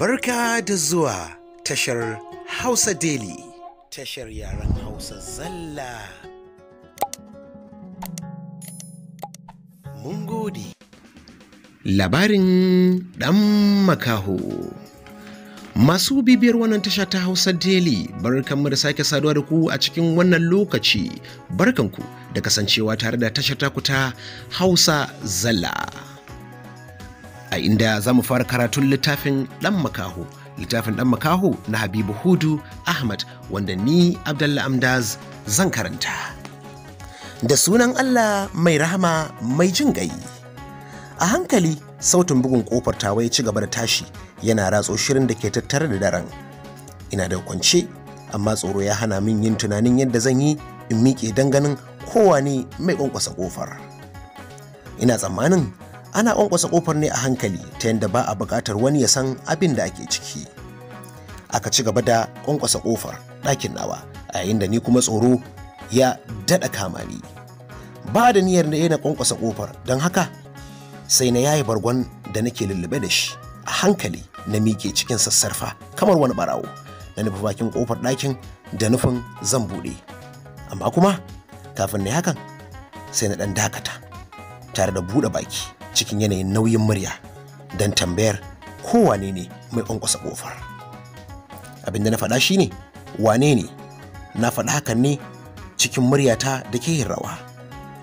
Barka da zuwa tashar Hausa Daily, tashar yaren Hausa zalla. Mun gode. Labarin ɗan makaho. Masu bibiyar wannan tasha ta Hausa Daily, barkanmu da sake saduwa da ku a cikin wannan lokaci, barkanku da kasancewa tare da tashar taku ta Hausa Zalla. a inda za mu fara karatun littafin ɗan makaho littafin ɗan makaho na habibu hudu ahmad wanda ni Abdullahi amdaz zan karanta da sunan allah mai rahama mai jin gai a hankali sautin bugun kofar tawa ya ci gaba da tashi yana ratso shirin da ke tattare da daren ina da kwance amma tsoro ya hana min yin tunanin yadda zan yi in miƙe ganin kowane mai ƙwanƙwasa ƙofar ina tsammanin ana ƙwanƙwasa ƙofar ne a hankali ta yadda ba a buƙatar wani ya san abin da ake ciki aka ci gaba da ƙwanƙwasa ƙofar ɗakin nawa a yayin da ni kuma tsoro ya daɗa kama ni ba da niyyar na yana ƙwanƙwasa ƙofar don haka sai na yayi bargon da nake lullube da shi a hankali na miƙe cikin sassarfa kamar wani ɓarawo na nufi bakin ƙofar ɗakin da nufin zan buɗe amma kuma kafin na hakan sai na ɗan dakata tare da buɗe baki cikin yanayin nauyin murya don tambayar kowane ne mai ƙwanƙwasa ƙofar abin da na faɗa shi ne wane ne na faɗa hakan ne cikin muryata da ke yin rawa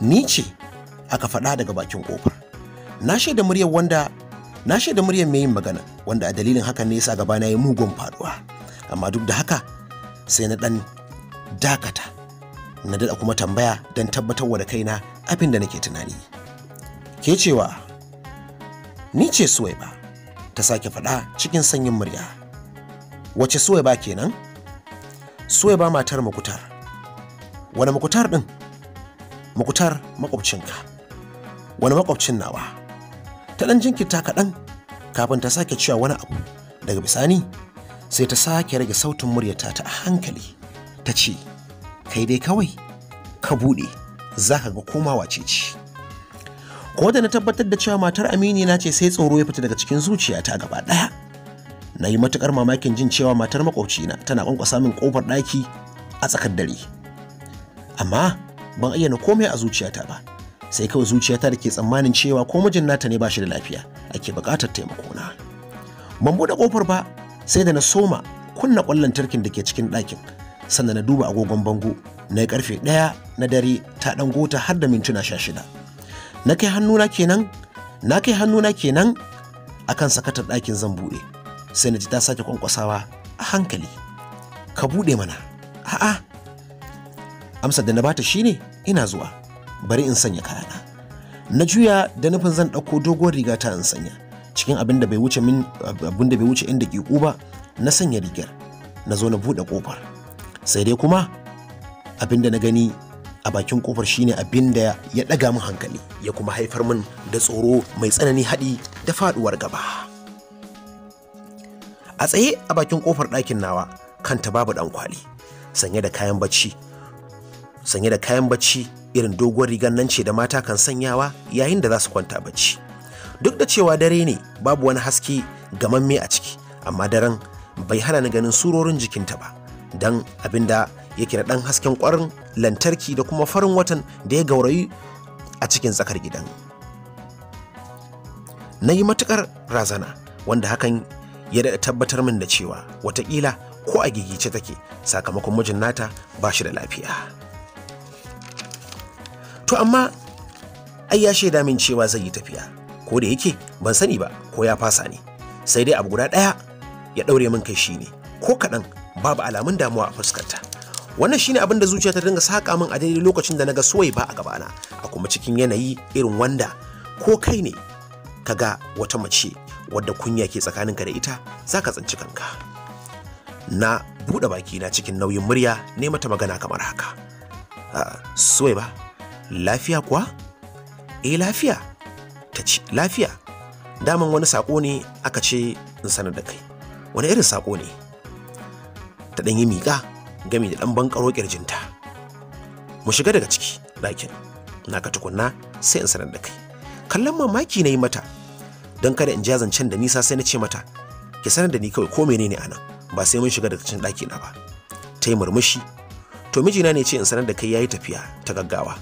ni ce aka faɗa daga bakin ƙofar na shaida muryar wanda na shaida muryar mai yin magana wanda a dalilin hakan ne yasa gabana yi mugun faɗuwa amma duk da haka sai na ɗan dakata na daɗa kuma tambaya don tabbatar da kaina abin da nake tunani ke cewa Ni ce Suwaiba, ta sake faɗa cikin sanyin murya. Wace Suwaiba kenan? Suwaiba matar Mukutar. Wani Mukutar ɗin? Mukutar makwabcinka. Wani makwabcin nawa? Ta ɗan jinkirta kaɗan kafin ta sake cewa wani abu daga bisani sai ta sake rage sautin muryarta ta a hankali ta ce kai dai kawai ka buɗe za ka ga komawa ce ce ko da na tabbatar da cewa matar amini na ce sai tsoro ya fita daga cikin zuciyata gaba ɗaya na yi matukar mamakin jin cewa matar makwabcina tana kwankwasa min kofar ɗaki a tsakar dare amma ban ayyana komai a zuciyata ba sai kawai zuciyata da ke tsammanin cewa ko mijin nata ne ba shi da lafiya ake buƙatar taimakona ban buɗe kofar ba sai da na soma kunna ƙwallon tarkin da ke cikin ɗakin sannan na duba agogon bango na karfe ɗaya na dare ta ɗan gota har da mintuna sha shida na kai hannuna kenan na kai hannuna kenan akan sakatar ɗakin zan buɗe sai na ji ta sake kwankwasawa a hankali ka buɗe mana a'a amsa da na bata shine ina zuwa bari in sanya kayana na juya da nufin zan ɗauko doguwar riga ta in sanya cikin abin da bai wuce min da bai inda ke ba na sanya rigar na zo na buɗe ƙofar sai dai kuma abin da na gani a bakin kofar shine abin da ya ɗaga min hankali ya kuma haifar min da tsoro mai tsanani haɗi da faɗuwar gaba a tsaye a bakin kofar ɗakin nawa kanta babu ɗan kwali sanye da kayan bacci sanye da kayan bacci irin doguwar rigar nan ce da mata kan sanyawa yayin da za su kwanta bacci duk da cewa dare ne babu wani haske gamamme a ciki amma daren bai hana ni ganin surorin jikinta ba don abinda yake da ɗan hasken ƙwarin lantarki da kuma farin watan da ya gaurayi a cikin tsakar gidan na yi matuƙar razana wanda hakan ya da tabbatar min da cewa watakila ko a gigice take sakamakon mijin nata ba shi da lafiya to amma ai ya shaida min cewa zai yi tafiya ko da yake ban sani ba ko ya fasa ne sai dai abu guda ɗaya ya ɗaure min kai shi ne, ko kaɗan babu alamun damuwa a fuskarta wannan shine abin da zuciya ta dinga saka min a daidai lokacin da naga soyayya ba a gabana a kuma cikin yanayi irin wanda ko kai ne ka ga wata mace wadda kunya ke ka da ita zaka ka tsinci kanka na buɗe baki na cikin nauyin murya ne mata magana kamar haka ah, soyayya ba lafiya kuwa eh lafiya ta ce lafiya daman wani sako ne aka ce in sanar da kai wani irin sako ne ta ɗan yi miƙa gami da ɗan bankaro ƙirjinta mu shiga daga ciki ɗakin na ka tukunna sai in sanar da kai kallon mamaki na yi mata don kada in ja zancen da nisa sai na ce mata ki sanar da ni kawai ko menene anan ba sai mun shiga daga cikin ɗaki na ba ta yi murmushi to mijina ne ce in sanar da kai yi tafiya ta gaggawa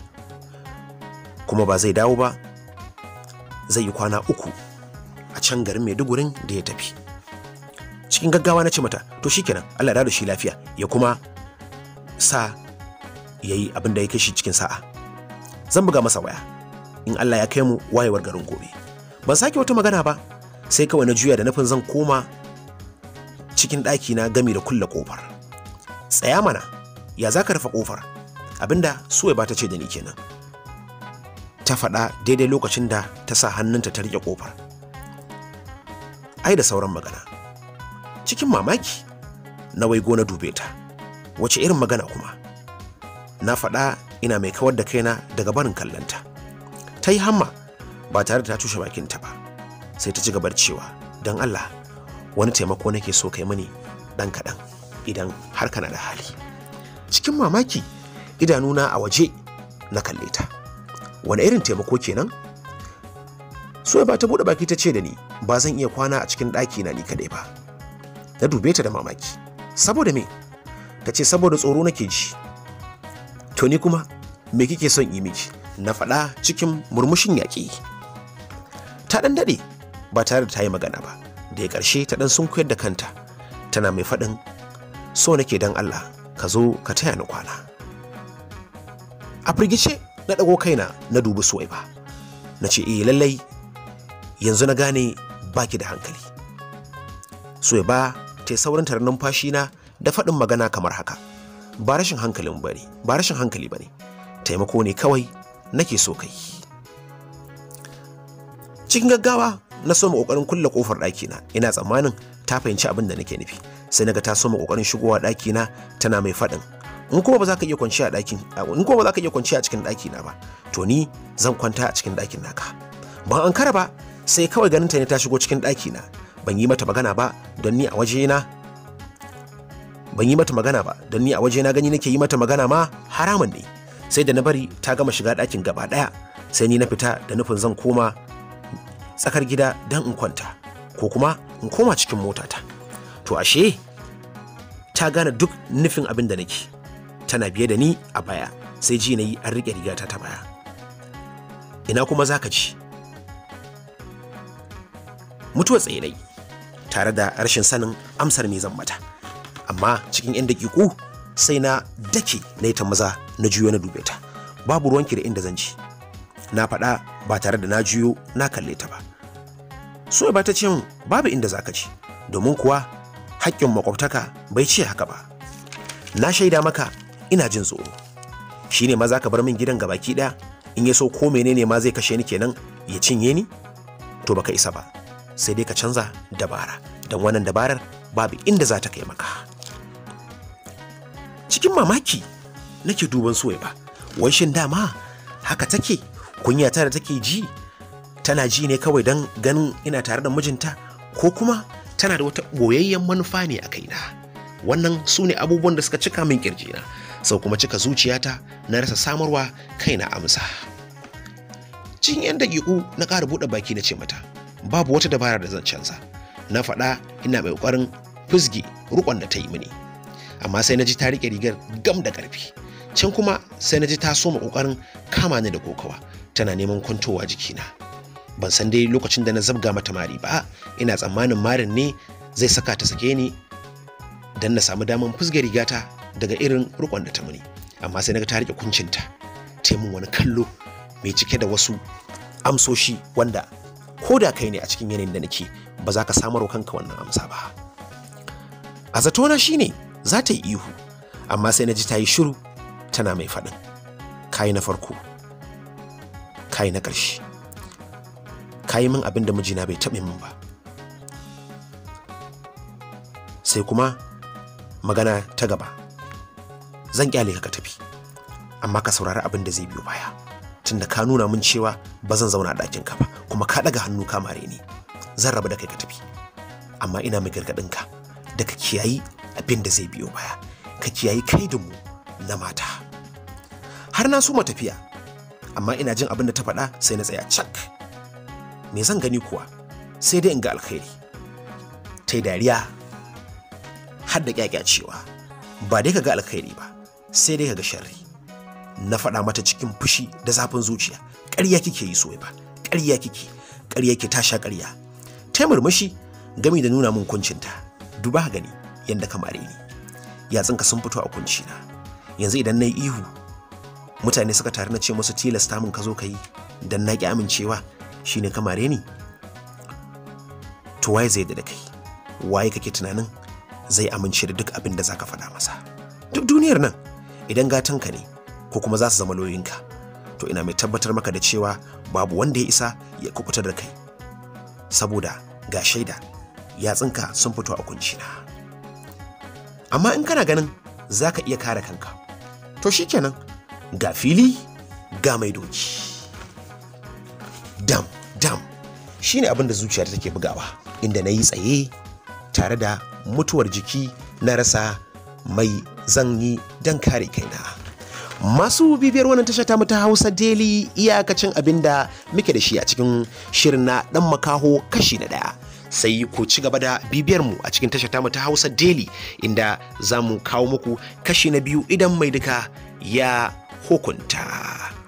kuma ba zai dawo ba zai yi kwana uku a can garin Maidugurin da ya tafi cikin gaggawa na ce mata to shikenan Allah ya da shi lafiya ya kuma sa ya yi abin da ya kashi cikin sa'a zan buga masa waya in Allah ya kai mu wayewar garin gobe ban sake wata magana ba sai kawai na juya da nufin zan koma cikin ɗaki na gami da kulle kofar tsaya mana ya za ka rufe kofar abinda suwai ba ta ce da ni kenan ta faɗa daidai lokacin da ta sa hannunta ta riƙe kofar ai da sauran magana cikin mamaki na waigo na dube ta wace irin magana kuma na faɗa ina mai kawar da kaina daga barin kallonta ta yi hamma ba tare da ta tushe bakinta ba sai ta ci gabar cewa don allah wani taimako nake so kai mani ɗan kaɗan idan har kana da hali cikin mamaki idanuna a waje na kalle ta wani irin taimako kenan soya ba ta buɗe baki ta ce da ni ba zan iya kwana a cikin ɗaki na ni kaɗai ba na dube ta da mamaki saboda me ta ce saboda tsoro nake ji to ni kuma me kike son yi miki na faɗa cikin murmushin yaƙi ta ɗan daɗe ba tare da ta yi magana ba da ya ƙarshe ta ɗan sunkuyar da kanta tana mai faɗin so nake dan Allah ka zo ka taya ni kwana a firgice na ɗago kaina na dubi suwaiba na ce eh lallai yanzu na gane baki da hankali suwaiba ta yi saurin tarar numfashi na da faɗin magana kamar haka ba rashin hankalin bane ba rashin hankali bane taimako ne kawai nake so kai cikin gaggawa na soma kokarin kulle kofar ɗaki na ina tsammanin ta fahimci abin da nake nufi sai naga ta soma kokarin shigowa ɗakina tana mai faɗin in kuma ba za ka iya kwanciya a ɗakin in kuma ba za ka iya kwanciya a cikin ɗakina ba to ni zan kwanta a cikin ɗakin naka ban ankara ba sai kawai ganin ta ne ta shigo cikin ɗakina ban yi mata magana ba don ni a waje na. ban yi mata magana ba don ni a waje na gani nake yi mata magana ma haramun ne sai da na bari ta gama shiga ɗakin gaba ɗaya sai ni na fita da nufin zan koma tsakar gida don in kwanta ko kuma in koma cikin motata to ashe ta gane duk nufin abin da nake tana biye da ni a baya sai ji na yi an riƙe rigata ta baya ina kuma za ka ji mutuwa tsaye tare da rashin sanin amsar me zan mata amma cikin 'yan dakiku sai na dake na yi ta maza na juyo na dube ta babu ruwanki da inda zan ji na faɗa ba tare da na juyo na kalle ta ba so ba ta ce min babu inda za ka ci domin kuwa haƙƙin makwabtaka bai ce haka ba na shaida maka ina jin tsoro shine ma za ka bar min gidan gabaki ɗaya in ya so ko ne ma zai kashe ni kenan ya cinye ni to baka isa ba sai dai ka canza dabara don wannan dabarar babu inda za ta kai maka cikin mamaki nake duban Suwaiba. Wai shin dama haka take kunyata da take ji tana ji ne kawai don ganin ina tare da mijinta ko kuma tana da wata boyayyen manufa ne a kaina. Wannan su ne abubuwan da suka cika min na, sau kuma cika zuciyata na rasa samarwa kaina amsa. Cin 'yan daƙiƙu na ƙara buɗe baki na ce mata, babu wata dabara da zan canza. Na faɗa ina mai ƙoƙarin fusgi rukon da ta yi mini. amma sai na ji ta rike rigar gam da ƙarfi can kuma sai na ji ta soma ƙoƙarin kama ni da kokawa tana neman kwantowa jikina ban san dai lokacin da na zabga mata mari ba ina tsammanin marin ne zai saka ta sake ni don na samu daman fusge rigata daga irin rukon da ta muni amma sai naga ta rike kuncinta ta mun wani kallo mai cike da wasu amsoshi wanda ko da kai ne a cikin yanayin da nake ba za ka samarwa kanka wannan amsa ba a na shine za ta yi ihu amma sai na ji ta yi shiru tana mai faɗin kayi na farko kayi na ƙarshe kayi min abin da mijina bai taɓe min ba sai kuma magana ta gaba zan ƙyale ka tafi amma ka saurari abin da zai biyo baya tunda ka nuna min cewa ba zan zauna a ɗakin ka ba kuma ka ɗaga hannu ka mare ni zan raba da kai ka tafi amma ina mai gargaɗin ka da ka kiyayi abin da zai biyo baya ka kiyayi kai da mu na mata har na so tafiya amma ina jin abin da ta faɗa sai na tsaya cak me zan gani kuwa sai dai in ga alkhairi ta dariya har da cewa ba dai ka ga alkhairi ba sai dai ka ga sharri na faɗa mata cikin fushi da zafin zuciya ƙarya kike yi soyi ba ƙarya kike ƙarya ki ta sha ƙarya ta murmushi gami da nuna min kuncinta duba gani yadda kamare ni yatsunka sun fito a kunci na yanzu idan na yi ihu mutane suka tare na ce musu tilasta mun ka zo ka yi don na ki amincewa shine kamare ni to waye zai da kai waye kake tunanin zai amince da duk abin da zaka faɗa masa duk duniyar nan idan ka ne ko kuma za su zama ka to ina mai tabbatar maka da cewa babu wanda ya isa ya kubutar da kai saboda ga shaida yatsunka sun fito a kunci na amma in kana ganin za ka iya kare kanka to shikenan ga fili ga mai doki dam dam shine abin da zuciya take bugawa inda na yi tsaye tare da mutuwar jiki na rasa mai zanyi don kare kai na. masu bibiyar wannan tasha ta ta hausa daily iyakacin abinda muke da shi a cikin shirin na dan makaho kashi na daya sai ku ci gaba da bibiyar mu a cikin tasha tamu ta Hausa Daily inda za mu kawo muku kashi na biyu idan mai duka ya hukunta.